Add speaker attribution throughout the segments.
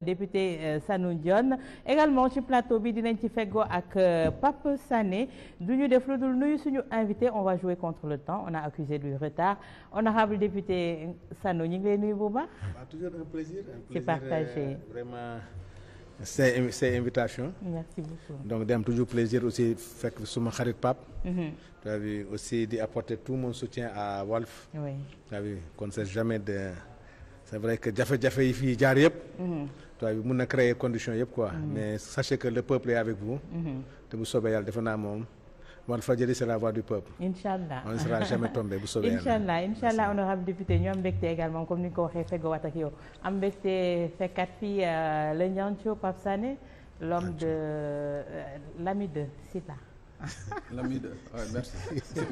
Speaker 1: député euh, Sanou Dione également ci plateau bi dinañ ci feggoo ak euh, Pape Sané du ñu def lu dul nuyu suñu invité on va jouer contre le temps on a accusé du retard honorable député Sanou ñu ngi lay nuyu bu baax.
Speaker 2: toujours un plaisir un plaisir partagé euh, vraiment ces ces invitations. merci beaucoup donc di am toujours plaisir aussi fekk suma xarit Pape. Mhm. tu as vu aussi di apporter tout mon soutien à Walf. oui tu as vu qu'on ne sait jamais de c'est vrai que jafe-jafe yi fii jaar yëpp. Mhm. tubaab bi mun na créer condition yëpp quoi. Mm-hmm. mais sachez le peuple est avec mm-hmm. te bu soobee yàlla defe naa moom. Walfadjri c'est la voix du peuple.
Speaker 1: incha allah on ne sera jamais tombé bu soobee yàlla. incha allah incha allah honorable député ñu am mbégte également comme ni nga ko waxee feggowaat ak yow am mbégte fekkat euh, de euh, l'ami de Sila.
Speaker 3: l'ami de oui merci.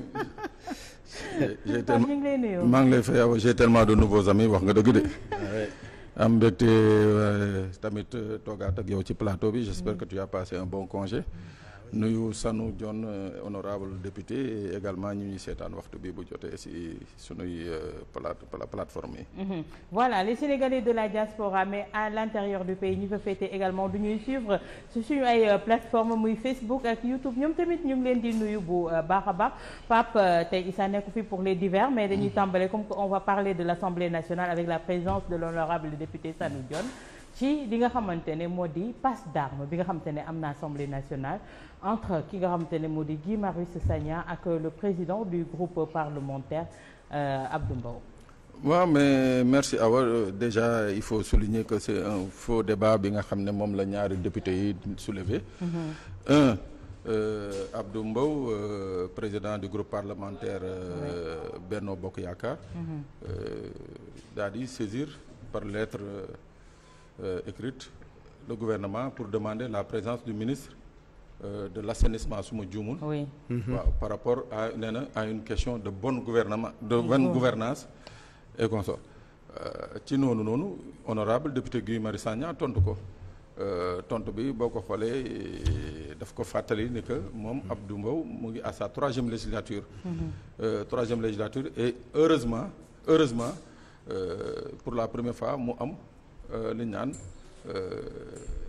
Speaker 3: Ah de nouveaux am mbégte euh, tamit euh, toogaat ak yow ci plateau bi j'espère que tu as passé un bon congé nuyu sanu John euh, honorable député également ñu ñuy seetaan waxtu bi bu jotee si sunuy euh, plate plateforme yi.
Speaker 1: Mhm. voilà les Sénégalais de la diaspora mais à l'intérieur du pays ñu fa féete également du ñuy suivre su suñu ay euh, plateforme muy Facebook ak YouTube ñoom tamit ñu ngi nuyu bu baax a baax Pape tey Issa fi pour les divers mais dañuy mhm. tàmbale comme que on va parler de l'Assemblée nationale avec la présence de l'honorable député Sanu John. ci li nga xamante ne moo di passe d'armes bi nga xamante ne am na assemblée nationale entre ki nga xamante ne moo di Guy Marius Sagna ak le président du groupe parlementaire euh, Abdou Mbow.
Speaker 3: waaw mais merci Awa euh, déjà il faut souligner que c'est un faux débat bi nga xam ne moom la ñaari député y soulevé. Mm-hmm. un Euh, Abdou Mbow euh, président du groupe parlementaire euh, oui. Benno mm-hmm. euh, saisir par lettre Euh, écrite le gouvernement pour demander la présence du ministre euh, de l'assainissement su ma juumul waaw mhm. par rapport à nee a à une question de bonne gouvernement de bonne gouvernance et consort euh, ci noonu noonu honorable député Guy Marius Sagna tontu ko tontu bi boo ko xoolee daf ko fàttali ni que moom mhm. Abdou Mbow mu ngi à sa troisième législature mhm. troisième législature et heureusement heureusement pour la première fois mu am Euh, li ñaan euh,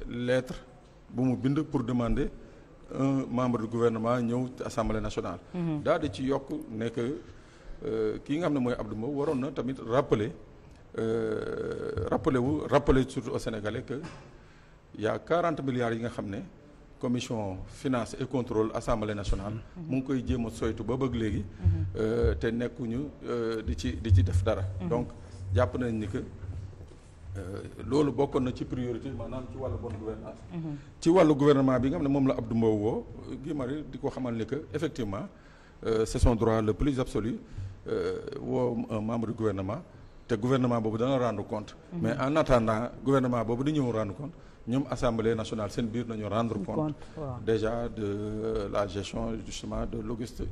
Speaker 3: lettre bu mu bind pour demander un membre du gouvernement ñëw ci assemblée nationale. Mhm. daal di ci yokk ne euh, kii nga xam ne mooy Abdou waroon na tamit rappeler rappeler wu rappeler surtout aux Sénégalais que y' a milliards yi nga xam ne commission finance et contrôle assemblée nationale. Mhm. mu ngi koy jéem a soytu ba bëgg léegi. Mhm. te nekkuñu di ci di ci def dara. donc jàpp nañ ni que. Euh, loolu bokkoon na ci priorité maanaam ci wàllu bonne gouvernance mhm. ci wàllu gouvernement bi nga xam ne moom la Abdou Mbow woo Guy di ko xamal ni effectivement euh, c'est droit le plus absolu euh, woo un membre du gouvernement te gouvernement boobu dana rend compte mhm. mais en attendant gouvernement boobu di ñëw rendre compte ñoom assemblée nationale seen biir nañu rendre compte déjà de la gestion justement de l'auguste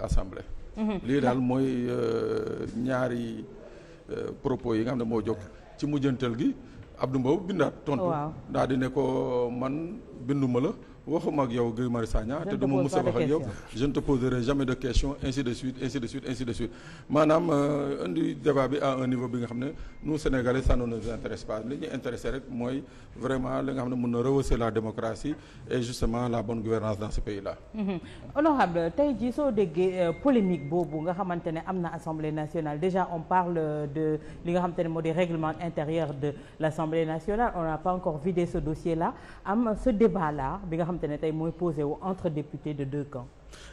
Speaker 3: assemblée mhm. lii daal mooy ñaari propos yi nga xam ne moo ci mujjantal gi Abdou Mbow bindaat tontu. waaw daal di ne ko man binduma la. waxuma ak yow Guy Marius Sagna te du ma mus a wax ak yow je ne te poserai jamais de question ainsi de suite ainsi de suite ainsi de suite maanaam euh, indi débat bi à un niveau bi nga xam ne nous Sénégalais ça ne nous pas li nga xam ne mën na rehausser la démocratie et justement la bonne gouvernance dans ce pays là
Speaker 1: mhm. honorable tey jii soo déggee euh, polémique boobu nga xamante ne am na assemblée nationale déjà on parle de li nga xamante ne moo de l'assemblée xamante ne tey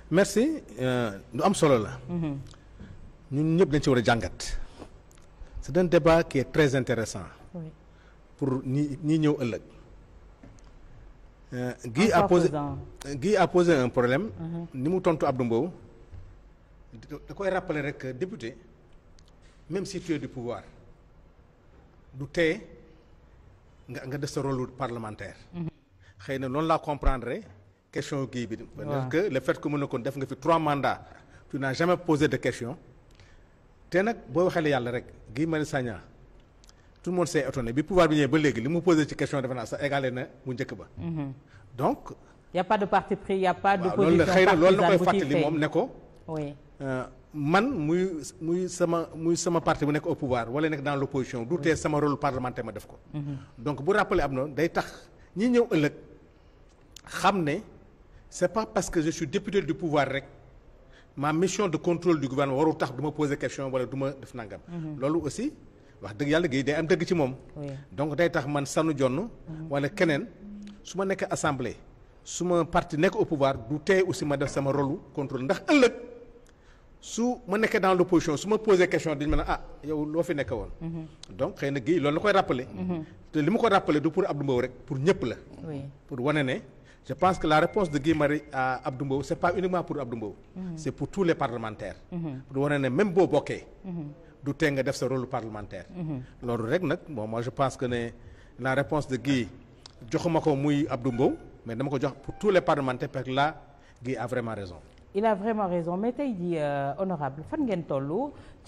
Speaker 2: merci euh, lu am solo la. Mm-hmm. ñun ñëpp dañ ci war a jàngat. c'est un débat qui est très intéressant pour ñi ñi ñëw ëllëg. Euh, Guy a posé Guy a posé un problème. Mm-hmm. ni mu tontu Abdou Mbow. da koy rappeler rek député même si tu du pouvoir du tee nga nga des sa rôle parlementaire. Mm-hmm. xëy na laa comprendre question kii bi. parce que le fait que mu ne kon def nga fi trois mandats. tu n'as jamais posé de question. te nag boo waxee yàlla rek Guy Marius Sagna tout le monde s'est bi pouvoir bi ñëwee ba léegi li mu posé ci question defe naa sax égalé na mu njëkk ba.
Speaker 1: Mhm. donc. y a pas de parti pris y a pas de position partisane loolu moom ne ko.
Speaker 2: Euh, man muy muy sama muy sama parti bu nekk au pouvoir wala nekk dans l' opposition. du tee sama rôle parlementaire xam ne c'est pas parce que je suis député du pouvoir rek ma mission de contrôle du gouvernement warul tax du ma poser question wala du ma def nangam. Mhm. loolu aussi wax dëgg yàlla géej day am dëgg ci moom. donc day tax man sanu jonn mhm. wala keneen su ma nekk assemblée su ma parti nekk au pouvoir du tey aussi ma def sama rôle contrôle ndax ëllëg su ma nekkee dans l'opposition su ma posé question dañu ma ne ah yow loo fi nekk woon. Mhm. donc xëy na géej loolu la koy je pense que la réponse de Guy Marius à Abdou Mbow c'est pas uniquement pour Abdou Mbow c'est pour tous les parlementaires pour wane ne même boo bokkee du tee def sa rôle parlementaire loolu rek nag bon moi je pense que ne la réponse de Guy joxuma ko muy Abdou Mbow mais dama ko jox pour tous les parlementaires parce que là Guy a vraiment raison
Speaker 1: il a vraiment raison mais tey jii euh, honorable fan ngeen toll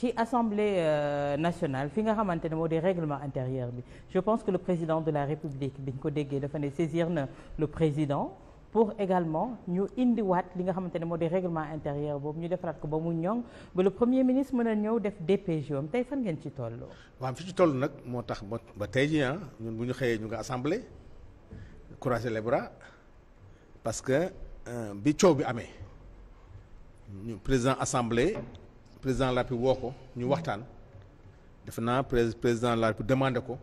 Speaker 1: ci assemblée euh, nationale fi nga xamante ne moo de règlement intérieur bi je pense que le président de la république bi ñu ko déggee dafa ne saisir na le président pour également ñu indiwaat li nga xamante ne moo di règlement intérieur boobu ñu defaraat ko ba mu ñoŋ ba le premier ministre mën a ñëw def DPG am tey fan ngeen ci toll.
Speaker 2: waa fi ci toll nag moo tax ba ba tey jii ah bu ñu xëyee ñu nga assemblée croiser les parce que euh, bi coow bi amee ñu président assemblée. président de la woo ko ñu waxtaan defe naa président de la République demandé ko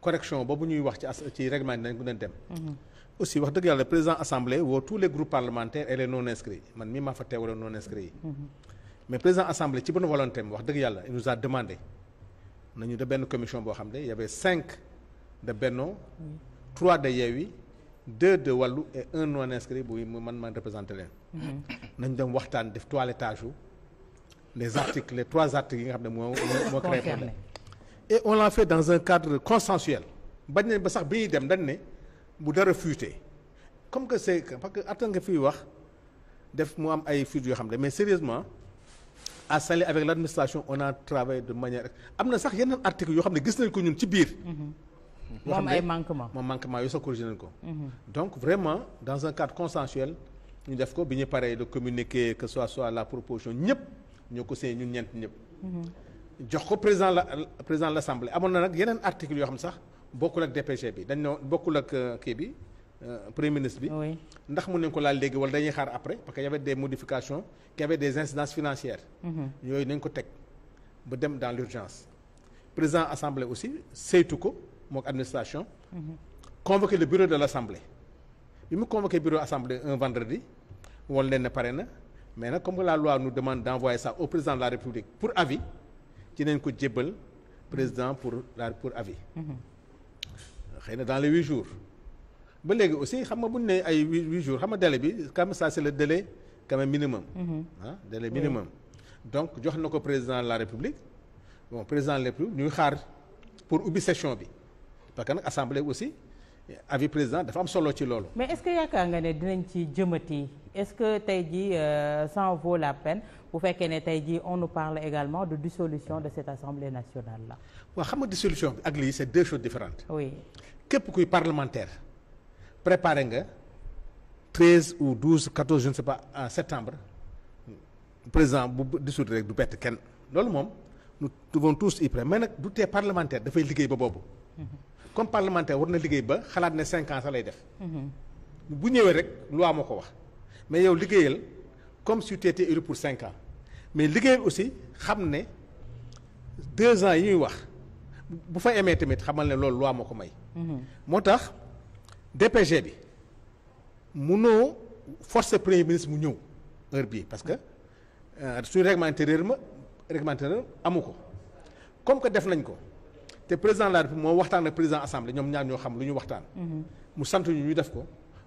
Speaker 2: correction boobu ñuy wax ci as ci règlement yi dañ ko doon dem. Mhm. aussi wax dëgg yàlla président assemblée woo tous les groupes parlementaires et les non inscrits man mii maa fa teewaloon non inscrits yi. Mhm. mais président assemblée ci bonne volonté am wax dëgg yàlla il nous a demandé nañu de benn commission boo xam ne y avait cinq de Benno trois de Yewwi deux de Wallu et un non inscrit bu mu man man représenté leen. Mhm. nañ dem waxtaan def toilettage les articles les trois articles yi nga xam ne moo moo créé problème et on l'a fait dans un cadre consensuel bañ nañ mu am ay yoo xam ne mais sérieusement à Saly avec l'administration on a travaillé de manière am na sax yeneen articles yoo xam ne gis nañ ko ñun ci biir moo mm-hmm. am ay manquement moom manquement yooyu sax corrigé nañ ko mm-hmm. donc vraiment dans un cadre consensuel ñu def ko bi ñu paree de communiquer que soit soit la proposition ñëpp ñoo ko signé ñun ñeent ñëpp. Mhm. jox ko président la président l' assemblée amoon na nag yeneen article yoo xam sax bokkul ak DPG bi dañ ne bokkul ak euh, kii bi euh, premier ministre bi. ndax mun nañ ko laal léegi wala dañuy xaar après parce que y avait des modifications qui avaient des mhm. yooyu nañ ko teg ba dem dans l' président assemblée aussi saytu ko mook administration. Mhm. convoqué le bureau de l' bi mu convoqué bureau assemblée un vendredi woon mais nag comme que la loi nous demande d'envoyer ça au président de la république pour avis ci nañ ko jébbal président pour la pour avis. Mhm. xëy na dans les huit jours. ba léegi aussi xam nga bu ñu nee ay huit jours xam nga délai bi comme ça c'est le délai quand même minimum. Mhm. ah minimum. donc jox na ko président la république bon président de la république xaar pour ubbi session bi parce que nag assemblée aussi avis président dafa am solo ci loolu.
Speaker 1: mais est-ce que est-ce que tey jii san euh, vaut la pen bu fekkee ne tey jii on nous parle également de dissolution de cette assemblée nationale là.
Speaker 2: waaw xam nga dissolution bi ak lii c'est deux choses différentes.
Speaker 1: képp kuy parlementaire
Speaker 2: préparé nga treize ou douze quatorze je en septembre président bu dissoudre rek du bett kenn loolu moom nu devons tous y prêts mais nag du tee parlementaire dafay liggéey ba boobu. Mm-hmm. comme parlementaire war na liggéey ba xalaat ne cinq ans lay def. Mm-hmm. mais yow liggéeyal comme si tu étais élu pour cinq ans mais liggéeyal aussi xam ne deux ans yi ñuy wax bu fa emee tamit xamal ne loolu loi moo ko may. Mhm. moo tax DPG bi munoo forcer premier ministre mu ñëw heure bi parce que euh, su règlement intérieur ma règlement intérieur amu ko comme que def nañ ko te président de la République moo waxtaan ak président assemblée ñoom ñaar ñoo xam lu ñu waxtaan. Mhm. mu sant ñu ñu def ko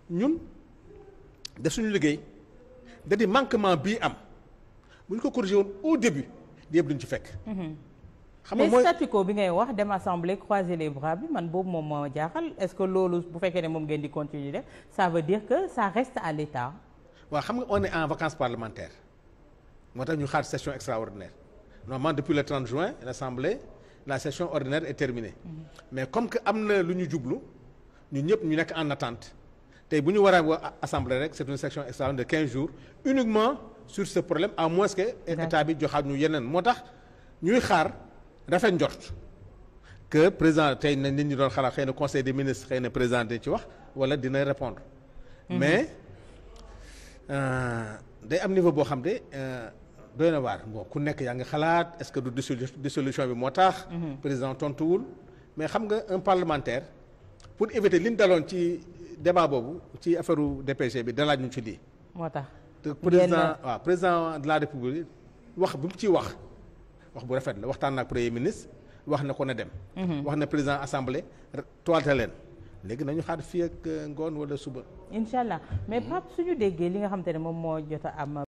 Speaker 2: ñun. def suñu liggéey da di manquement bii am bu ñu ko corrigé woon au début yëpp duñ ci fekk. Mhm. xam nga mooy statu
Speaker 1: quo bi ngay wax dem assemblée croiser les bras bi man boobu moom moo jaaxal est-ce que loolu bu fekkee ne moom ngeen di continuer def ça veut dire que ça reste à l'état. waaw xam nga on est en vacances parlementaires
Speaker 2: moo tax ñu xaar session extraordinaire normalement depuis le 30 juin l'assemblée la session ordinaire est terminée. Mhm. mais comme que am na lu ñu jublu ñun ñu nekk en attente. tey bu ñu war a wax assemblée rek c'est une section extraordinaire de 15 jours uniquement sur ce problème à moins que état bi joxaat ñu yeneen moo tax ñuy xaar rafet njort que président tey na nit ñi doon xalaat xëy na conseil de ministres xëy na président ci wax wala dina répondre mhm. mais euh, day am niveau boo xam de euh, doy na waar bon ku nekk yaa ngi xalaat est-ce que du dissolution bi moo tax mhm. président tontuwul mais xam nga un parlementaire pour éviter débat boobu ci affaire DPG bi dalaaj ñu ci lii.
Speaker 1: moo tax te président
Speaker 2: waaw président de la république wax bi mu ciy wax wax bu rafet la waxtaan naag premier ministre wax na ko na dem. Mhm. wax na président assemblée toilette leen. léegi nañu xaar fii ak euh, ngoon wala suba.
Speaker 1: incha allah mais Pape suñu déggee li nga xam te ne moom moo jot a am.